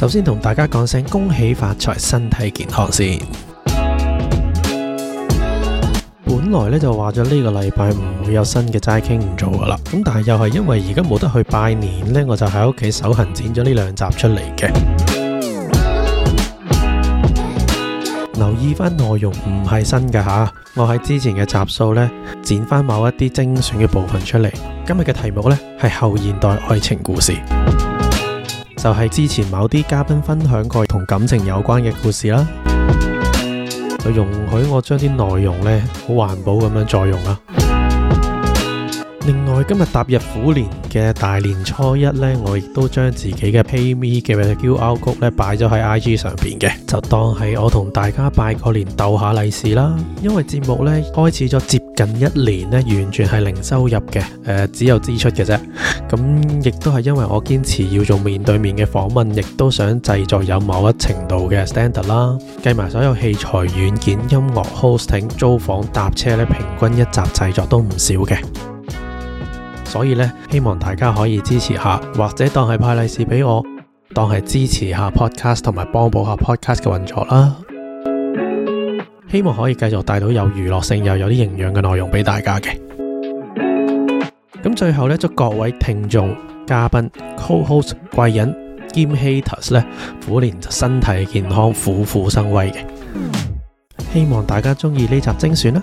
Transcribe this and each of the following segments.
首先同大家講聲恭喜發財，身體健康先。本來咧就話咗呢個禮拜唔會有新嘅齋傾唔做噶啦，咁但係又係因為而家冇得去拜年咧，我就喺屋企手痕剪咗呢兩集出嚟嘅。 留意翻內容唔係新噶吓，我喺之前嘅集數咧剪翻某一啲精選嘅部分出嚟。今日嘅題目咧係後現代愛情故事。就係之前某啲嘉賓分享過同感情有關嘅故事啦，就容許我將啲內容呢好環保咁樣再用啦。今日踏入虎年嘅大年初一呢，我亦都將自己嘅 PayMe 嘅 QR code 咧，擺咗喺 IG 上邊嘅，就當係我同大家拜個年斗下利是啦。因為節目呢開始咗接近一年咧，完全係零收入嘅，誒、呃、只有支出嘅啫。咁亦都係因為我堅持要做面對面嘅訪問，亦都想製作有某一程度嘅 standard 啦。計埋所有器材、軟件、音樂、hosting、租房、搭車呢，平均一集製作都唔少嘅。所以咧，希望大家可以支持下，或者當係派利是俾我，當係支持下 Podcast，同埋幫補下 Podcast 嘅運作啦。希望可以繼續帶到有娛樂性又有啲營養嘅內容俾大家嘅。咁最後咧，祝各位聽眾、嘉賓、Co-host 貴人兼 Haters 咧，虎年身體健康，虎虎生威嘅。希望大家中意呢集精選啦。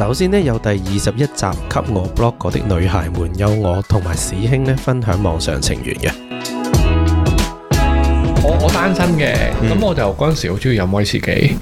首先呢，有第二十一集給我 blog 嗰啲女孩們，有我同埋史兄呢，分享網上情緣嘅。我我單身嘅，咁我就嗰陣時好中意飲威士忌，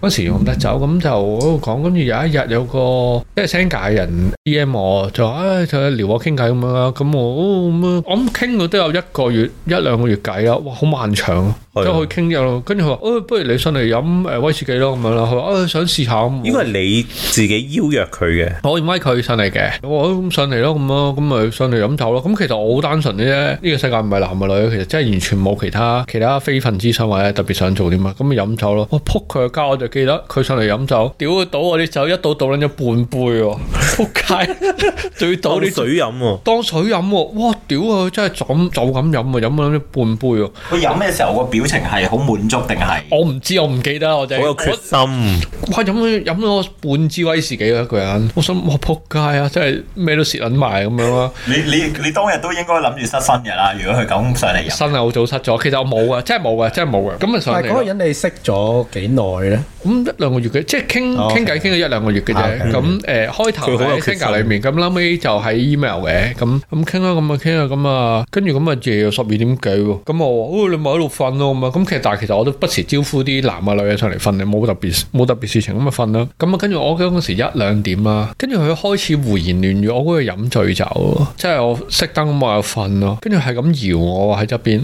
嗰時用得酒，咁就喺度講。跟住有一日有個即係新加坡人 E M 我，就唉，就撩我傾偈咁樣啦。咁我咁啊，我咁傾到都有一個月一兩個月計啦，哇，好漫長。即係去傾咗咯，跟住佢話，哦、哎，不如你上嚟飲誒威士忌咯，咁樣啦，佢話，啊、哎，想試下。呢個係你自己邀約佢嘅，可以約佢上嚟嘅，我話，咁上嚟咯，咁咯，咁咪上嚟飲酒咯。咁其實我好單純嘅啫，呢、這個世界唔係男嘅係女，其實真係完全冇其他其他非分之想或者特別想做啲乜，咁咪飲酒咯。我仆佢個街，我就記得佢上嚟飲酒，屌佢倒我啲酒，一倒倒捻咗半杯喎，仆街，仲要倒啲水飲，當水飲喎，哇，屌佢，真係酒酒咁飲啊，飲咗半杯啊，佢飲咩時候個表？ 表情係好滿足定係？我唔知，我唔記得，我真係。嗰個決心我，哇！飲咗飲咗半支威士忌，一個人，我想哇！仆街啊！真係咩都蝕緊埋咁樣咯。 你你你當日都應該諗住失身嘅啦。如果佢咁上嚟，身啊好早失咗。其實我冇嘅，真係冇嘅，真係冇嘅。咁啊， 上嚟嗰個人你識咗幾耐咧？咁一兩個月嘅，即係傾傾偈傾咗一兩個月嘅啫。咁誒 Okay.，呃、Okay. 開頭喺 Skype 裏面，咁後屘就喺 email 嘅。咁咁傾啦，咁啊傾啦，咁啊，跟住咁啊夜十二點幾喎。咁我話，哦你咪喺度瞓咯，咁啊。咁其實但係其實我都不時招呼啲男啊女啊上嚟瞓你冇特別冇特別事情咁啊瞓啦。咁啊跟住我嗰陣時一兩點啦，跟住佢開始胡言亂語，我嗰日飲醉酒，即係、oh. 我熄燈我又瞓咯，跟住係咁搖我喺側邊。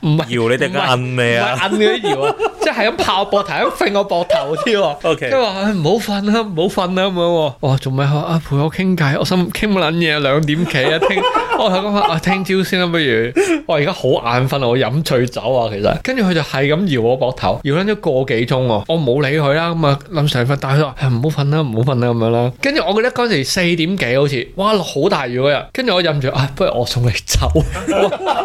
唔係搖，你定緊摁咩啊？唔係摁，佢搖，即係咁拍我膊頭，咁瞓我膊頭添。O K，佢係話唔好瞓啦，唔好瞓啦咁樣。哇，仲未話啊陪我傾偈，我心傾乜卵嘢啊？兩點幾啊？聽我同佢講啊，聽朝先啦，不如我而家好眼瞓啊，我飲醉酒啊，其實。跟住佢就係咁搖我膊頭，搖咗個幾鐘。我冇理佢啦，咁啊諗上瞓。但係佢話唔好瞓啦，唔好瞓啦咁樣啦。跟住我記得嗰時四點幾好似，哇，落好大雨嗰日。跟住我飲住啊，不如我送你走。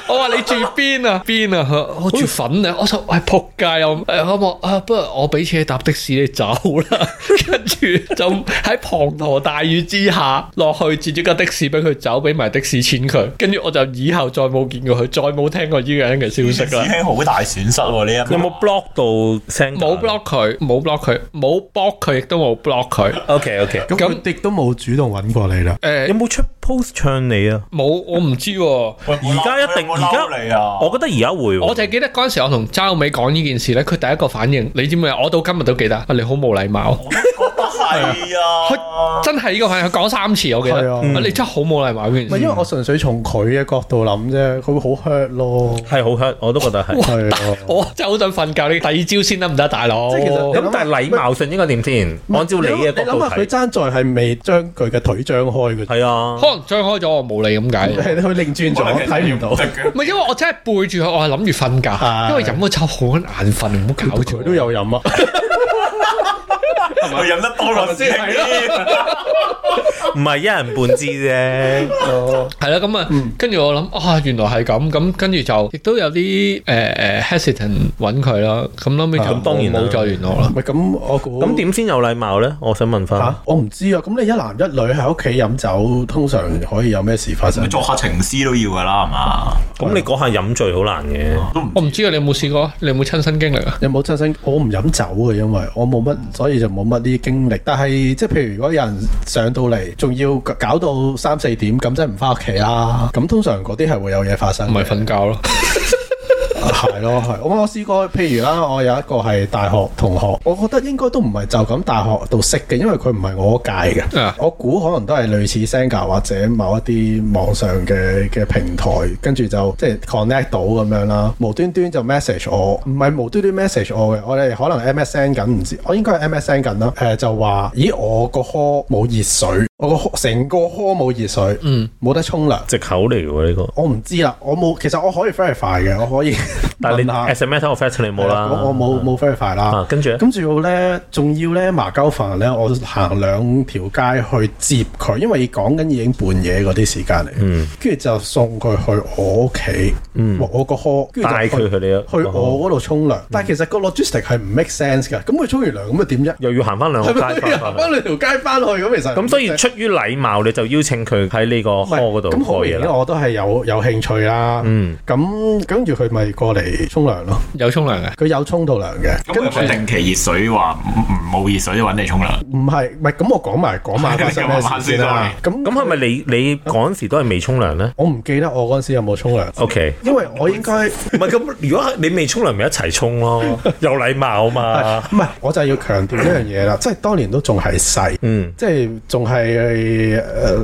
我話你住邊啊？邊 啊？我住粉啊！欸、我就係、哎、仆街咁。好冇、欸？啊，不如我俾錢搭的士你走啦。跟 住就喺滂沱大雨之下落去截咗架的士俾佢走，俾埋的士錢佢。跟住我就以後再冇見過佢，再冇聽過呢個人嘅消息啦。史兄好大損失呢、啊、一，有冇 block 到 send 冇 block 佢，冇 block 佢，冇 block 佢，亦都冇 block 佢。O K O K。咁咁亦都冇主動揾過你啦。誒、欸，有冇出 post 唱你啊？冇喂，我唔知。而家喂一定。而家嚟啊，我覺得而家會，我就記得嗰陣時我同周美講呢件事咧，佢第一個反應，你知唔知我到今日都記得，你好冇禮貌。 係啊，佢真係呢個朋友佢講三次我記得，你真係好冇禮貌嘅。唔係因為我純粹從佢嘅角度諗啫，佢會好 hurt 咯，係好 hurt，我都覺得係。我真係好想瞓覺，你第二朝先得唔得，大佬？咁，但係禮貌性應該點先？按照你嘅角度諗啊，佢爭在係未將佢嘅腿張開，佢係啊，可能張開咗，我冇你咁解。係佢擰轉咗，睇唔到。唔係因為我真係背住佢，我係諗住瞓覺，因為飲咗酒好難瞓，唔好搞佢都有飲啊。係咪飲得多咯先係咯？唔係 一人半支啫，係啦。咁啊，跟住我諗啊，原來係咁。咁跟住就亦都有啲誒誒，hesitant 搵佢啦。咁後屘佢當然冇再聯絡啦。唔咁，我咁點先有禮貌咧？我想問翻、啊。我唔知啊。咁你一男一女喺屋企飲酒，通常可以有咩事發生？你做下情詩都要噶啦，係嘛？咁、嗯、你講下飲醉好難嘅。我唔知啊。知知你有冇試過？你有冇親身經歷啊？有冇親身？我唔飲酒嘅，因為我冇乜，所以就冇。 乜啲經歷，但係即係譬如如果有人上到嚟，仲要搞到三四點，咁真係唔翻屋企啦。咁通常嗰啲係會有嘢發生嘅，唔係瞓覺咯。 係咯，係我、 嗯、 我試過，譬如啦，我有一個係大學同學，我覺得應該都唔係就咁大學度識嘅，因為佢唔係我屆嘅。 我估可能都係類似 Senga 或者某一啲網上嘅嘅平台，跟住就即係 connect 到咁樣啦，無端端就 message 我，唔係無端端 message 我嘅，我哋可能 MSN 緊唔知，我應該係 MSN 緊啦，誒、呃、就話，咦，我個 hall 冇熱水。我個成個殼冇熱水，嗯，冇得沖涼，借口嚟嘅，呢個我唔知啦，我冇，其實我可以 verify 嘅，我可以，但係你 as a matter of fact 你冇啦，我我冇冇 verify 啦，跟住，跟住我咧，仲要咧麻鳩煩咧，我行兩條街去接佢，因為講緊已經半夜嗰啲時間嚟，跟住就送佢去我屋企，嗯，我個殼，帶佢佢去我嗰度沖涼，但係其實個 logistic 係唔 make sense 噶。咁佢沖完涼咁啊點啫，又要行翻兩條街，行翻兩條街翻去咁其實，咁所以於禮貌，你就邀請佢喺呢個窩嗰度過嘢啦。我都係有有興趣啦。嗯，咁跟住佢咪過嚟沖涼咯。有沖涼嘅，佢有沖到涼嘅。咁定期熱水話冇熱水就揾你沖涼。唔係，唔係咁我講埋講埋先啦。咁咁係咪你你嗰陣時都係未沖涼咧？我唔記得我嗰陣時有冇沖涼。OK，因為我應該唔係咁。如果你未沖涼，咪一齊沖咯。有禮貌嘛。唔係，我就係要強調一樣嘢啦。即係當年都仲係細，嗯，即係仲係。係誒，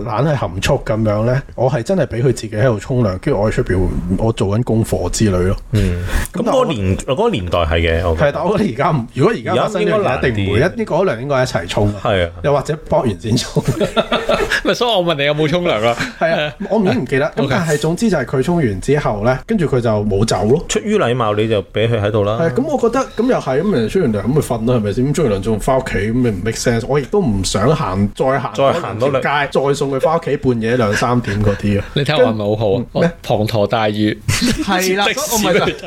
懶係含蓄咁樣咧，我係真係俾佢自己喺度沖涼，跟住我喺出邊，我做緊功課之類咯。嗯，咁嗰個年、嗰個年代係嘅，係但係我哋而家唔，如果而家發生嘅，一定唔會一啲嗰兩應該一齊沖，係啊的，又或者幫完先沖。咪所以我問你有冇沖涼啊？係啊，我唔唔記得。咁但係總之就係佢沖完之後咧，跟住佢就冇走咯。出於禮貌，你就俾佢喺度啦。咁，我覺得咁又係咁。人沖完涼咁咪瞓咯，係咪先？咁沖完涼仲翻屋企咁咪唔 make sense。我亦都唔想行，再行再行到街，再送佢翻屋企半夜兩三點嗰啲啊。你聽我話咪好好？滂沱大雨係啦，唔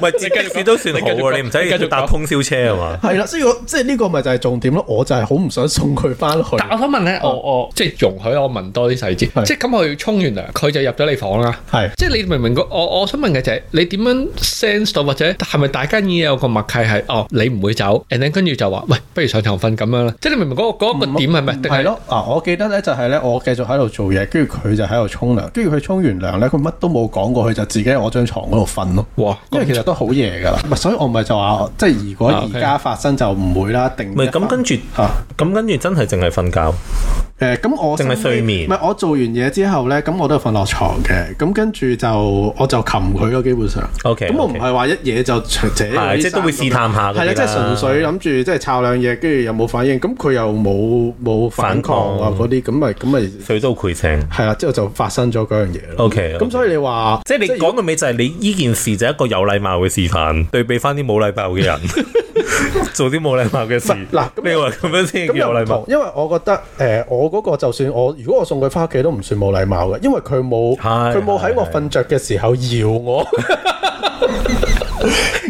係接繼續都算好嘅，你唔使繼續搭通宵車啊嘛？係啦，所以即係呢個咪就係重點咯。我就係好唔想送佢翻去。但我想問咧，我我即係容許我。問多啲細節，是即係咁佢沖完涼，佢就入咗你房啦。係是，即係你明唔明我我想問嘅就係，你點樣 sense 到或者係咪大家已經有個默契係？哦，你唔會走，然後跟住就話，喂，不如上床瞓咁樣啦。」即係你明唔明嗰嗰、嗰個嗰個點係咪？係咯、嗯。啊是、嗯，我記得咧就係咧，我繼續喺度做嘢，跟住佢就喺度沖涼，跟住佢沖完涼咧，佢乜都冇講過，佢就自己喺我張床嗰度瞓咯。哇因為其實，其實都好夜噶啦。所以我咪就話，即係如果而家發生就唔會啦，定唔係咁跟住啊？咁、okay. 啊嗯、跟住、啊、真係淨係瞓覺。誒、呃，咁我淨係唔係我做完嘢之後咧，咁我都係瞓落床嘅，咁跟住就我就擒佢咯，基本上。O K。咁我唔係話一嘢就即係即係會試探下。係啦，即係純粹諗住即係摷兩嘢，跟住又冇反應，咁佢又冇冇反抗啊嗰啲，咁咪咁咪。水到渠成。係啦，之後就發生咗嗰樣嘢。O K。咁所以你話，即係你講到尾就係你呢件事就一個有禮貌嘅示範，對比翻啲冇禮貌嘅人做啲冇禮貌嘅事。嗱，你話咁樣先有禮貌。因為我覺得誒，我嗰個就算我。如果我送佢返屋企都唔算冇禮貌嘅，因為佢冇佢冇喺我瞓着嘅時候搖我的。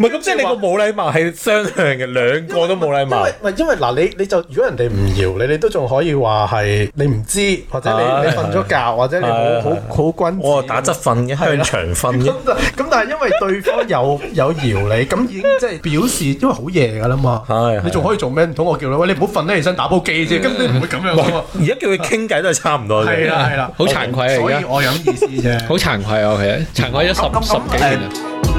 唔係咁，即係你個冇禮貌係雙向嘅，兩個都冇禮貌。唔係因為嗱，你你就如果人哋唔搖你，你都仲可以話係你唔知，或者你你瞓咗覺，或者你冇好好君子。我打側瞓嘅，向牆瞓嘅。咁但係因為對方有有搖你，咁已經即係表示，因為好夜㗎啦嘛。係你仲可以做咩？唔通我叫你喂，你唔好瞓得起身打部機啫，根本唔會咁樣。而家叫佢傾偈都係差唔多。係啦，係啦，好慚愧啊！所以我有啲意思啫。好慚愧啊！其實慚愧咗十十幾年啊。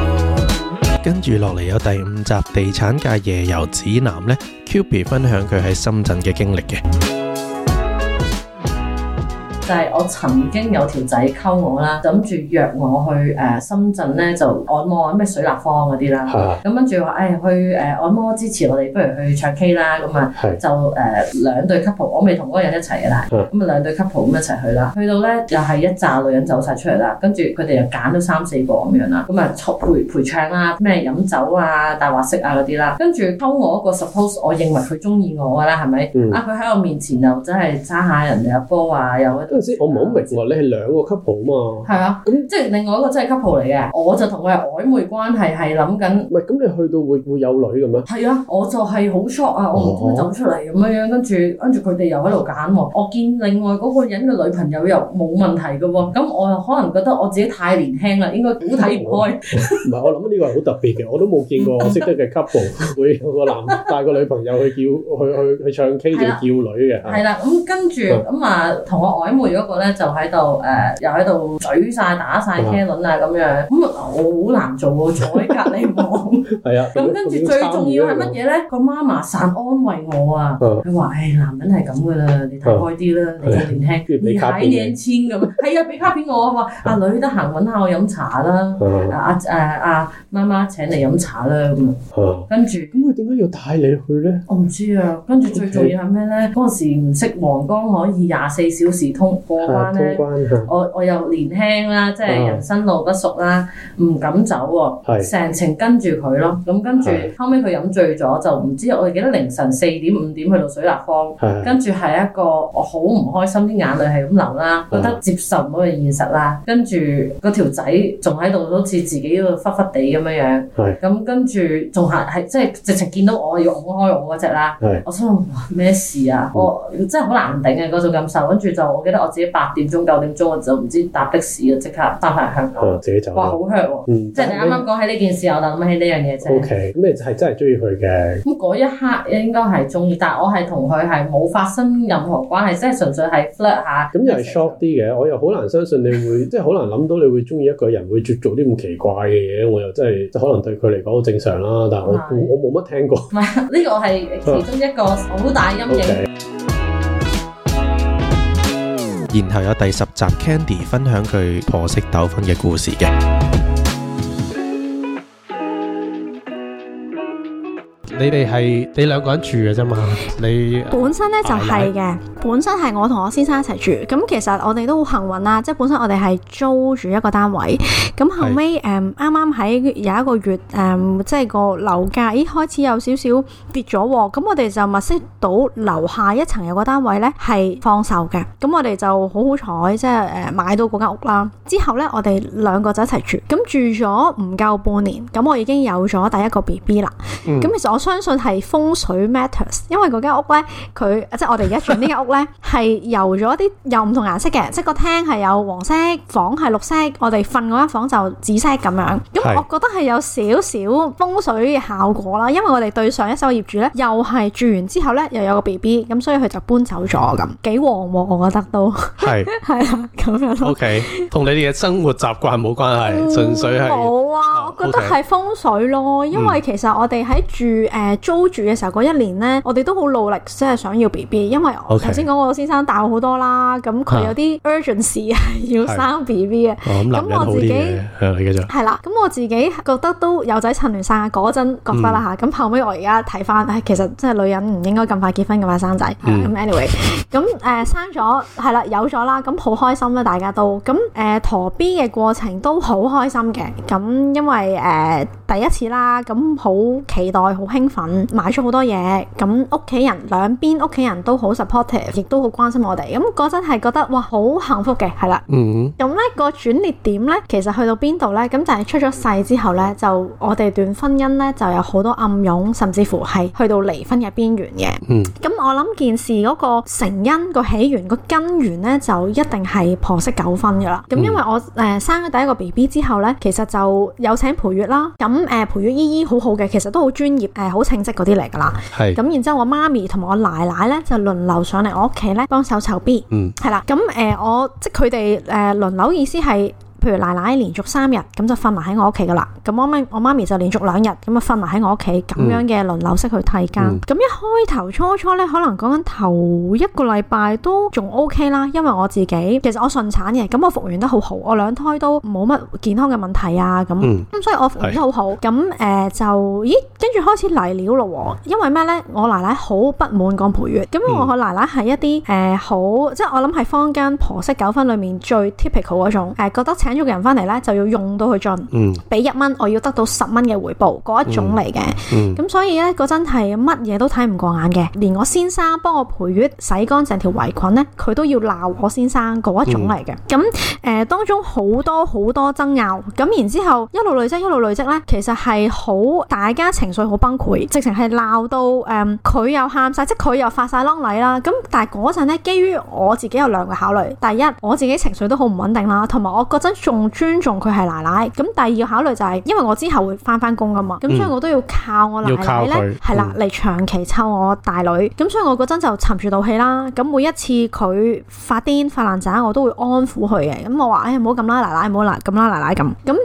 跟住落嚟有第五集《地產界夜遊指南》咧，Cubie 分享佢喺深圳嘅經歷嘅。就係我曾經有條仔溝我啦，諗住約我去誒、呃、深圳咧就按摩咩水立方嗰啲啦，咁、啊、跟住話誒去誒、呃、按摩之前，我哋不如去唱 K 啦咁啊，就誒是、呃、兩對 couple，我未同嗰個人一齊啊啦，咁啊兩對 couple 咁一齊去啦，去到咧又係一紮女人走晒出嚟啦，跟住佢哋又揀咗三四個咁樣啦，咁啊陪陪唱啊咩飲酒啊大話骰啊嗰啲啦，跟住溝我嗰個 suppose 我認為佢中意我噶啦，係咪？嗯、啊佢喺我面前又真係揸下人哋嘅波啊又～嗰陣時我唔係好明喎，你係兩個 couple 啊嘛？係啊，咁即係另外一個真係 couple 嚟嘅，我就同佢係曖昧關係，係諗緊。唔係，咁你去到會會有女嘅咩？係啊，我就係好 shock 啊，我唔想走出嚟咁樣，跟住跟住佢哋又喺度揀喎。我見另外嗰個人嘅女朋友又冇問題㗎喎，咁我又可能覺得我自己太年輕啦，應該估睇唔開。唔係，我諗呢個係好特別嘅，我都冇見過，我識得嘅 couple 會有個男帶個女朋友去叫去去去唱 K 叫女嘅。係啦，咁跟住咁啊，同我曖。嗰個咧就喺度誒，又喺度咀晒打晒車輪啊咁樣，咁啊我好難做喎，坐喺隔離房。係啊，咁跟住最重要係乜嘢咧？個媽媽散安慰我啊，佢話：誒，男人係咁噶啦，你睇開啲啦，你都年輕，你踩靚千咁，係啊，俾卡片我啊，話阿女得閒揾下我飲茶啦，阿誒阿媽媽請你飲茶啦咁啊。跟住咁佢點解要帶你去咧？我唔知啊。跟住最重要係咩咧？嗰陣時唔識皇崗可以廿四小時通，過關咧，我我又年輕啦，即係人生路不熟啦，唔、啊、敢走喎，成是程跟住佢咯。咁、嗯、跟住後尾，佢飲醉咗，就唔知我記得凌晨四點五點去到水立方，是跟住係一個我好唔開心，啲眼淚係咁流啦，是覺得接受唔到嘅現實啦。跟住嗰條仔仲喺度好似自己度忽忽地咁樣樣，咁是跟住仲行係即係直情見到我擁開我嗰隻啦，是我心話咩事啊？我、嗯、真係好難頂嘅嗰種感受，跟住就我記得。我自己八點鐘九點鐘我就唔知搭的士啊，即刻翻返香港。自己就哇，好香喎！嗯、即係你啱啱講起呢件事，我就諗起呢樣嘢啫。O K，咁你係真係中意佢嘅？咁嗰一刻應該係中意，但係我係同佢係冇發生任何關係，即係純粹係 flirt 下。咁、嗯、直又係 s h o c k 啲嘅，我又好難相信你會， 即係好難諗到你會中意一個人會做做啲咁奇怪嘅嘢。我又真係可能對佢嚟講好正常啦，但係我 我冇乜聽過。唔係，呢個係其中一個好大陰影。Okay. 然後有第十集 Candy 分享佢婆媳糾紛嘅故事嘅。你哋係你兩個人住嘅啫嘛？你本身咧就係、是、嘅，啊、本身係我同我先生一齊住。咁其實我哋都好幸運啦，即係本身我哋係租住一個單位。咁後尾誒啱啱喺有一個月誒、嗯、即係個樓價咦開始有少少跌咗，咁我哋就物色到樓下一層有個單位咧係放售嘅。咁我哋就好好彩，即係誒買到嗰間屋啦。之後咧我哋兩個就一齊住。咁住咗唔夠半年，咁我已經有咗第一個 B B 啦。咁其實我想相信係風水 matters，因為嗰間屋咧，佢即係我哋而家住呢間屋咧，係油咗啲又唔同顏色嘅，即係個廳係有黃色，房係綠色，我哋瞓嗰間房就紫色咁樣。咁我覺得係有少少風水嘅效果啦，因為我哋對上一手嘅業主咧，又係住完之後咧，又有個 BB，咁所以佢就搬走咗咁，幾旺喎，我覺得都係係啊，咁樣咯。OK，同你哋嘅生活習慣冇關係，純粹係冇啊，我覺得係風水咯，因為其實我哋喺住誒。誒租住嘅時候嗰一年咧，我哋都好努力，即、就、係、是、想要 B B，因為頭先講我, Okay. 我先生大好多啦，咁佢有啲 urgency 啊， 要生 B B 嘅。咁、哦嗯、我自己啲係你繼續。係啦，咁、啊、我自己覺得都有仔趁亂生，嗰陣覺得啦嚇。咁、嗯啊、後尾我而家睇翻，其實即係女人唔應該咁快結婚咁快生仔。咁 anyway，咁誒生咗係啦，有咗啦，咁好開心啦，大家都。咁誒陀 B 嘅過程都好開心嘅，咁因為誒、呃、第一次啦，咁好期待，好興。興奮買咗好多嘢，咁屋企人兩邊屋企人都好 supportive，亦都好關心我哋，咁嗰陣係覺得哇好幸福嘅。係啦，mm hmm. 嗯，咁、那、咧個轉捩點咧，其實去到邊度咧，咁就係出咗世之後咧，就我哋段婚姻咧就有好多暗湧，甚至乎係去到離婚嘅邊緣嘅，mm hmm. 嗯，咁我諗件事嗰個成因個起源個根源咧，就一定係婆媳糾紛噶啦，咁、mm hmm. 因為我誒、呃、生咗第一個 B B 之後咧，其實就有請陪月啦，咁誒陪月姨姨、呃、好好嘅，其實都好專業誒。好稱職嗰啲嚟㗎喇，係咁，的然之後我媽咪同埋我奶奶咧就輪流上嚟我屋企咧幫手籌 B，係啦，咁誒我即係佢哋誒輪流意思係。譬如奶奶連續三日咁就瞓埋喺我屋企噶啦，咁我媽咪就連續兩日咁啊瞓埋喺我屋企，咁樣嘅輪流式去替更。咁、嗯嗯、一開頭初初咧，可能講緊頭一個禮拜都仲 O K 啦，因為我自己其實我順產嘅，咁我復原得好好，我兩胎都冇乜健康嘅問題啊咁，咁、嗯、所以我復原得好好。咁誒是、呃、就咦，跟住開始嚟料咯，因為咩咧？我奶奶好不滿個陪月，咁我個奶奶係一啲誒、呃、好，即係我諗係坊間婆媳糾紛裏面最 typical 嗰種，誒、呃、覺得揀咗人翻嚟咧，就要用到佢盡，嗯，俾一蚊，我要得到十蚊嘅回報，嗰一種嚟嘅。咁、嗯嗯、所以咧，嗰陣係乜嘢都睇唔過眼嘅，連我先生幫我陪月洗乾淨條圍裙咧，佢都要鬧我先生，嗰一種嚟嘅。咁誒、嗯呃，當中好多好多爭拗，咁然之後一路累積，一路累積咧，其實係好大家情緒好崩潰，直情係鬧到誒，佢、嗯、又喊晒，即係佢又發晒啷禮啦。咁但係嗰陣咧，基於我自己有兩個考慮，第一我自己情緒都好唔穩定啦，同埋我嗰陣。仲尊重佢係奶奶，咁第二個考慮就係、是，因為我之後會翻翻工噶嘛，咁、嗯、所以我都要靠我奶奶咧，係啦，嚟、嗯、長期湊我大女，咁、嗯、所以我嗰陣就沉住道氣啦，咁每一次佢發癲發爛渣，我都會安撫佢嘅。咁我話，哎，唔好咁啦，奶奶唔好咁啦，奶奶咁，咁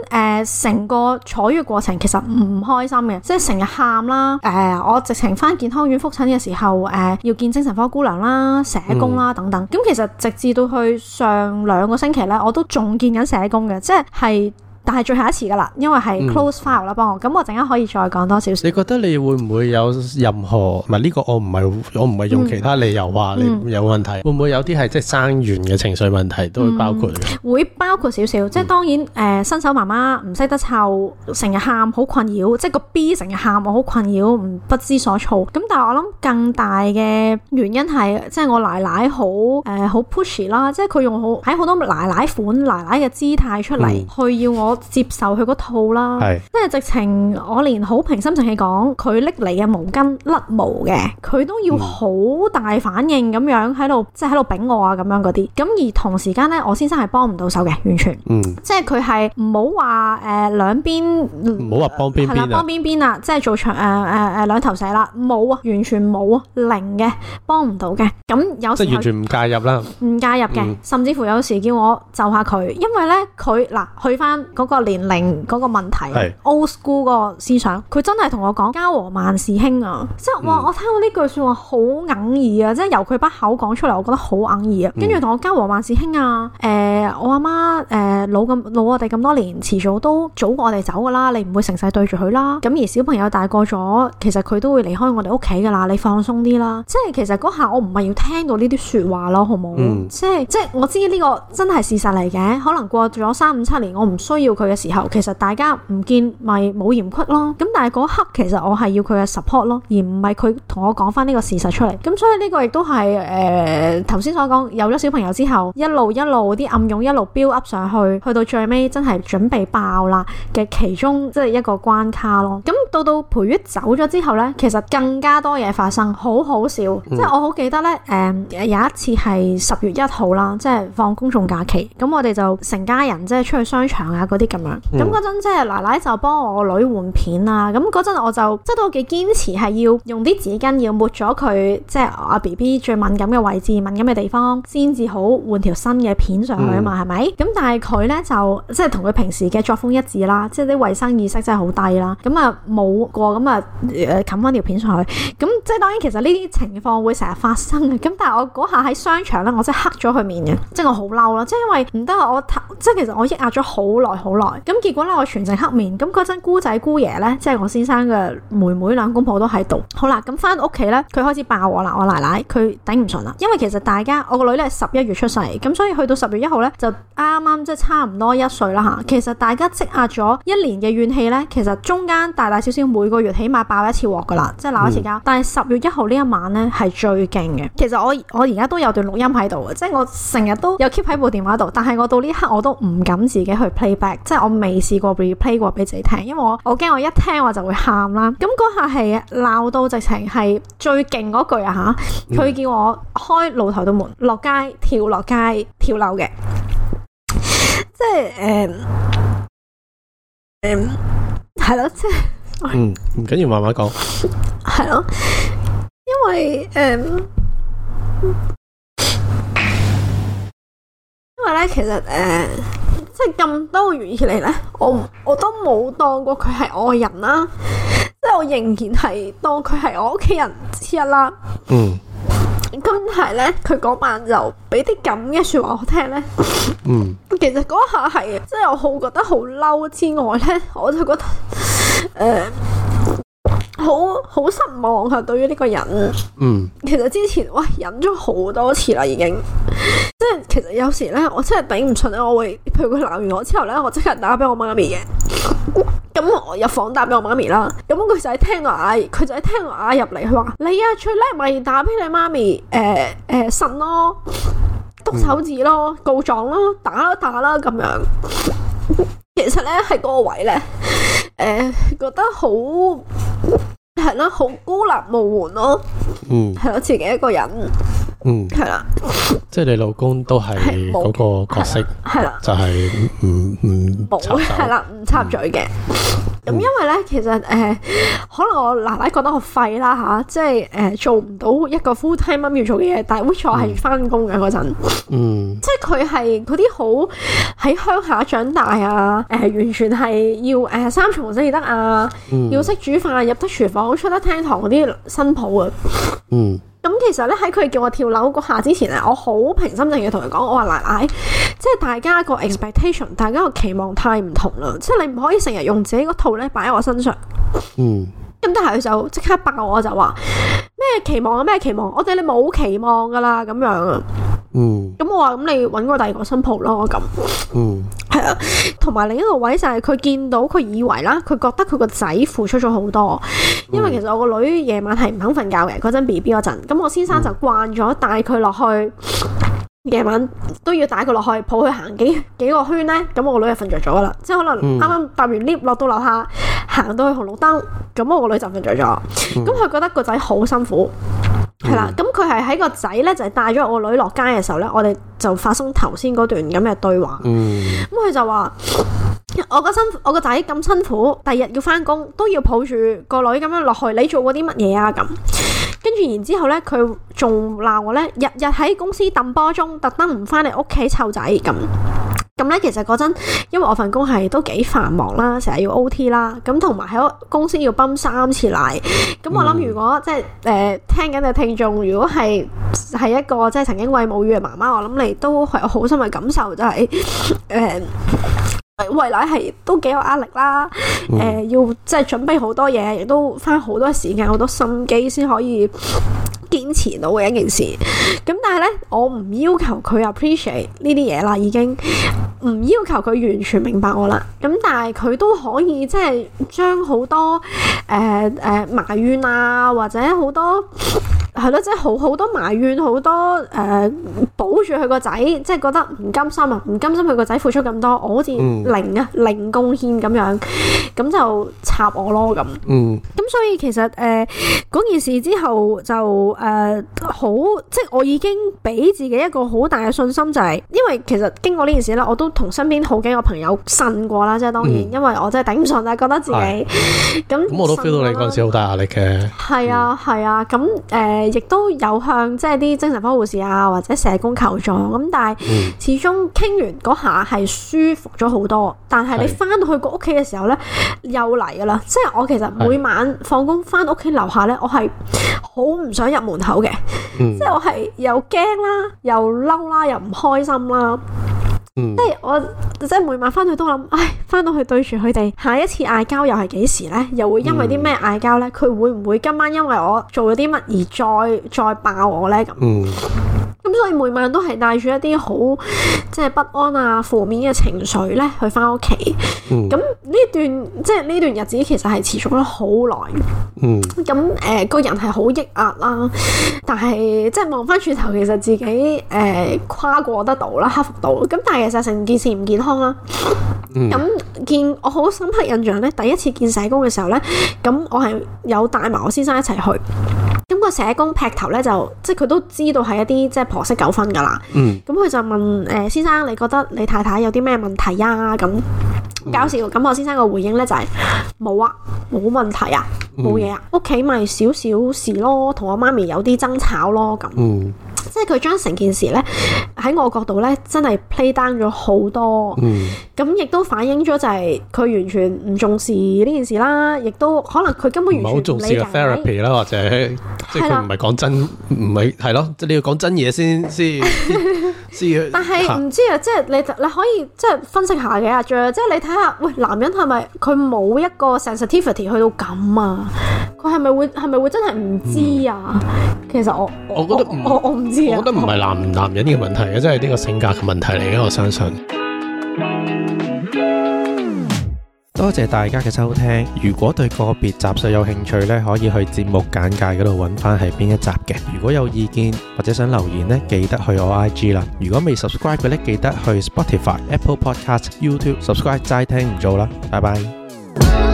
誒成個坐月過程其實唔開心嘅，即係成日喊啦，誒、呃、我直情翻健康院復診嘅時候，誒、呃、要見精神科姑娘啦、社工啦等等，咁、嗯、其實直至到去上兩個星期咧，我都仲見緊社工嘅，即係係。 但係最後一次㗎啦，因為係 close file 啦，嗯、幫我。咁我陣間可以再講多少少。你覺得你會唔會有任何？唔係呢個我，我唔係我唔係用其他理由話你有問題。嗯、會唔會有啲係即係生完嘅情緒問題都會包括、嗯？會包括少少。嗯、即係當然誒、呃，新手媽媽唔識得湊，成日喊好困擾。即係個 B 成日喊我好困擾，唔不知所措。咁但係我諗更大嘅原因係，即係我奶奶好誒好、呃、pushy 啦，即係佢用好喺好多奶奶款奶奶嘅姿態出嚟、嗯、去要我。接受佢嗰套啦，即係是直情我連好平心靜氣講佢拎嚟嘅毛巾甩毛嘅，佢都要好大反應咁樣喺度，嗯、即係喺度炳我啊咁樣嗰啲。咁而同時間咧，我先生係幫唔到手嘅，完全，嗯、即係佢係唔好話誒兩邊唔好話幫邊邊，係啦幫邊邊啊，即係做長誒誒誒兩頭蛇啦，冇啊，完全冇啊，零嘅幫唔到嘅。咁有時完全唔介入啦，唔介入嘅，嗯、甚至乎有時叫我就下佢，因為咧佢嗱去翻嗰個年齡嗰個問題是，old school 個思想，佢真係同我講家和萬事興啊！即係我我聽到呢句說話好哽耳啊！嗯、即係由佢把口講出嚟，我覺得好哽耳啊！嗯、跟住同我家和萬事興啊！誒、呃，我阿媽誒老咁老我哋咁多年，遲早都早過我哋走噶啦，你唔會成世對住佢啦。咁而小朋友大個咗，其實佢都會離開我哋屋企噶啦，你放鬆啲啦。即係其實嗰下我唔係要聽到呢啲說話咯，好冇、嗯？即係即係我知呢個真係事實嚟嘅，可能過咗三五七年，我唔需要。佢嘅時候，其實大家唔見咪冇嫌隙咯。咁但係嗰刻，其實我係要佢嘅 support 咯，而唔係佢同我講返呢個事實出嚟。咁所以呢個亦都係誒頭先所講，有咗小朋友之後，一路一路啲暗湧，一路飆 up 上去，去到最尾真係準備爆啦嘅其中即係一個關卡咯。咁到到培月走咗之後呢，其實更加多嘢發生，好好笑。嗯、即係我好記得呢，誒、嗯、有一次係十月一號啦，即係放公眾假期，咁我哋就成家人即係出去商場啊啲咁樣，咁嗰陣即係奶奶就幫我女換片喇，咁嗰陣我就即係都幾堅持係要用啲紙巾要抹咗佢，即係阿 B B 最敏感嘅位置、敏感嘅地方，先至好換條新嘅片上去啊嘛，係咪？咁但係佢咧就即係同佢平時嘅作風一致啦，即係啲衛生意識真係好低啦，咁啊冇過，咁啊誒冚翻條片上去，咁即係當然其實呢啲情況會成日發生嘅，咁但係我嗰下喺商場咧，我真係黑咗佢面嘅，即係我好嬲囉，即係因為唔得，我即係其實我抑壓咗好耐。好耐，咁結果咧，我全程黑面。咁嗰陣姑仔姑爺咧，即係我先生嘅妹妹兩公婆都喺度。好啦，咁翻屋企咧，佢開始爆我啦，我奶奶佢頂唔順啦。因為其實大家我個女咧十一月出世，咁所以去到十月一號咧就啱啱即係差唔多一歲啦吓。其實大家積壓咗一年嘅怨氣咧，其實中間大大小小每個月起碼爆一次鑊噶啦，即係鬧一次交。嗯，但係十月一號呢一晚咧係最勁嘅。其實我我而家都有段錄音喺度嘅，即係我成日都有 keep 喺部電話度。但係我到呢刻我都唔敢自己去 playback。即係我未試過 replay 過俾自己聽，因為我我驚我一聽話就會喊啦。咁嗰下係鬧到直情係最勁嗰句啊吓，佢叫我開露台度門，落街跳落街跳樓嘅。 即係誒，嗯，係咯，即係，嗯，唔緊 了、嗯、要，慢慢講。係咯， 因為誒、嗯，因為咧，其實誒。嗯即係咁多個月以嚟呢，我我都冇當過佢係外人啦，啊，即係我仍然係當佢係我屋企人之一啦，啊。嗯，咁但係呢，佢嗰晚就俾啲咁嘅說話我聽呢。嗯，其實嗰下係，即係我好覺得好嬲，之外呢，我就覺得誒。呃好好失望啊！對於呢個人，嗯，其實之前喂忍咗好多次啦，已經，即係其實有時咧，我真係頂唔順咧，我會譬如佢鬧完我之後咧，我即刻打俾我媽咪嘅，咁我入房打俾我媽咪啦、嗯，咁佢就喺聽我嗌，佢就喺聽我嗌入嚟，佢話你啊，最叻咪打俾你媽咪，誒誒呻咯，督、嗯、手指咯，告狀咯，打啦打啦咁樣， 其實咧係嗰個位咧，誒覺得好。係咯，好孤立無援咯。嗯，係咯，自己一個人。嗯，係啦的。即係你老公都係嗰個角色，係啦的，就係唔唔插係手啦，唔插嘴嘅。嗯咁、嗯、因為咧，其實誒、呃、可能我奶奶覺得我廢啦吓，即係誒、呃、做唔到一個 full time 媽咪要做嘅嘢，但係好彩我係翻工嘅嗰陣嗯，即係佢係嗰啲好喺鄉下長大啊，誒、呃、完全係要誒、呃、三從四德啊，嗯、要識煮飯入得廚房出得廳堂啲新抱啊，嗯，咁、嗯嗯、其實咧喺佢叫我跳樓嗰下之前咧，我好平心靜氣同佢講，我話奶奶，即係大家個 expectation，大家個期望太唔同啦，即係你唔可以成日用自己嗰套。咧擺喺我身上，嗯，咁但係佢就即刻爆，我就話咩期望啊，咩期望，啊，我對你冇期望噶啦咁樣啊，嗯，咁我話咁你揾個第二個新抱咯咁，嗯，係啊，同埋另一個位就係佢見到佢以為啦，佢覺得佢個仔付出咗好多，因為其實我個女夜晚係唔肯瞓覺嘅嗰陣，B B 嗰陣，咁我先生就慣咗帶佢落去。嗯嗯夜晚都要帶佢落去抱佢行幾幾個圈呢。咁我個女就瞓着咗噶啦。即係可能啱啱搭完 lift 落到樓下，行到去紅綠燈，咁我個女就瞓着咗。咁佢、嗯、覺得個仔好辛苦，係啦、嗯。咁佢係喺個仔呢，就係帶咗我女落街嘅時候呢，我哋就發生頭先嗰段咁嘅對話。咁佢、嗯、就話。我個辛我個仔咁辛苦，第日要返工都要抱住個女咁樣落去。你做過啲乜嘢啊？咁，跟住然之後咧，佢仲鬧我呢：「日日喺公司揼波鐘，特登唔返嚟屋企湊仔咁。咁呢，其實嗰陣因為我份工係都幾繁忙啦，成日要 OT 啦，咁同埋喺公司要泵三次奶。咁我諗、嗯呃，如果即係誒，聽緊嘅聽眾，如果係係一個即係曾經餵母乳嘅媽媽，我諗你都係好深嘅感受，就係、是、誒。 呃未來係都幾有壓力啦，誒、嗯呃，要即係準備好多嘢，亦都花好多時間、好多心機先可以。堅持到嘅一件事，咁但係咧，我唔要求佢 appreciate 呢啲嘢啦，已經唔要求佢完全明白我啦。咁但係佢都可以即係將好多誒誒、呃呃、埋怨啊，或者好多係咯，即係好好多埋怨，好多誒、呃、保住佢個仔，即係覺得唔甘心啊，唔甘心佢個仔付出咁多，我好似零啊、嗯、零貢獻咁樣，咁就插我咯咁。嗯，咁所以其實誒嗰、呃、件事之後就。誒、呃，好，即係我已經俾自己一個好大嘅信心，就係、是、因為其實經過呢件事咧，我都同身邊好幾個朋友呻過啦，即係當然，嗯、因為我真係頂唔順啊，覺得自己咁我都 feel 到你嗰陣時好大壓力嘅，係啊係啊，咁誒亦都有向即係啲精神科護士啊或者社工求助，咁但係始終傾完嗰下係舒服咗好多，但係你翻到去個屋企嘅時候咧是又嚟噶啦，即係我其實每晚放工翻屋企樓下咧是，我係好唔想入。門口嘅，即係我係又驚啦，又嬲啦，又唔開心啦，嗯、即係我即係每晚翻去都諗，唉，翻到去對住佢哋，下一次嗌交，又係幾時呢？又會因為啲咩嗌交呢？佢、嗯、會唔會今晚因為我做咗啲乜而再再爆我呢？咁？嗯所以每晚都係帶住一啲好即係不安啊負面嘅情緒咧去翻屋企，咁呢、嗯、段即係呢段日子其實係持續咗好耐。嗯，咁、呃、誒個人係好抑壓啦，但係即係望翻轉頭，其實自己誒、呃、跨過得到啦，克服到。咁但係其實成件事唔健康啦。咁、嗯、見我好深刻印象咧，第一次見社工嘅時候咧，咁我係有帶埋我先生一齊去。咁個社工劈頭咧就即係佢都知道係一啲即係婆媳糾紛噶啦。嗯，咁佢就問誒、呃、先生，你覺得你太太有啲咩問題啊？咁搞笑。咁、嗯、我先生個回應咧就係、是、冇啊，冇問題啊，冇嘢、嗯、啊，屋企咪少少事咯，同我媽咪有啲爭吵咯咁。即係佢將成件事咧喺我角度咧真係 play down 咗好多，嗯，咁亦都反映咗就係佢完全唔重視呢件事啦，亦都可能佢根本完全唔係好重視個 therapy 啦，或者即係佢唔係講真，唔係係咯，即係你要講真嘢先先。 但係唔知啊，即係你你可以即係分析下嘅啊，即係你睇下，喂，男人係咪佢冇一個 sensitivity 去到咁啊？佢係咪會係咪會真係唔知啊？其實我我覺得唔我我唔知啊，我覺得唔係、啊、男我男人嘅問題嘅，即係呢個性格嘅問題嚟嘅，我相信。多謝大家嘅收聽。如果對個別集數有興趣咧，可以去節目簡介嗰度揾翻係邊一集嘅。如果有意見或者想留言咧，記得去我 IG 啦。如果未 subscribe 嘅，咧，記得去 Spotify、Apple Podcast、YouTube subscribe 齋傾唔做啦。拜拜。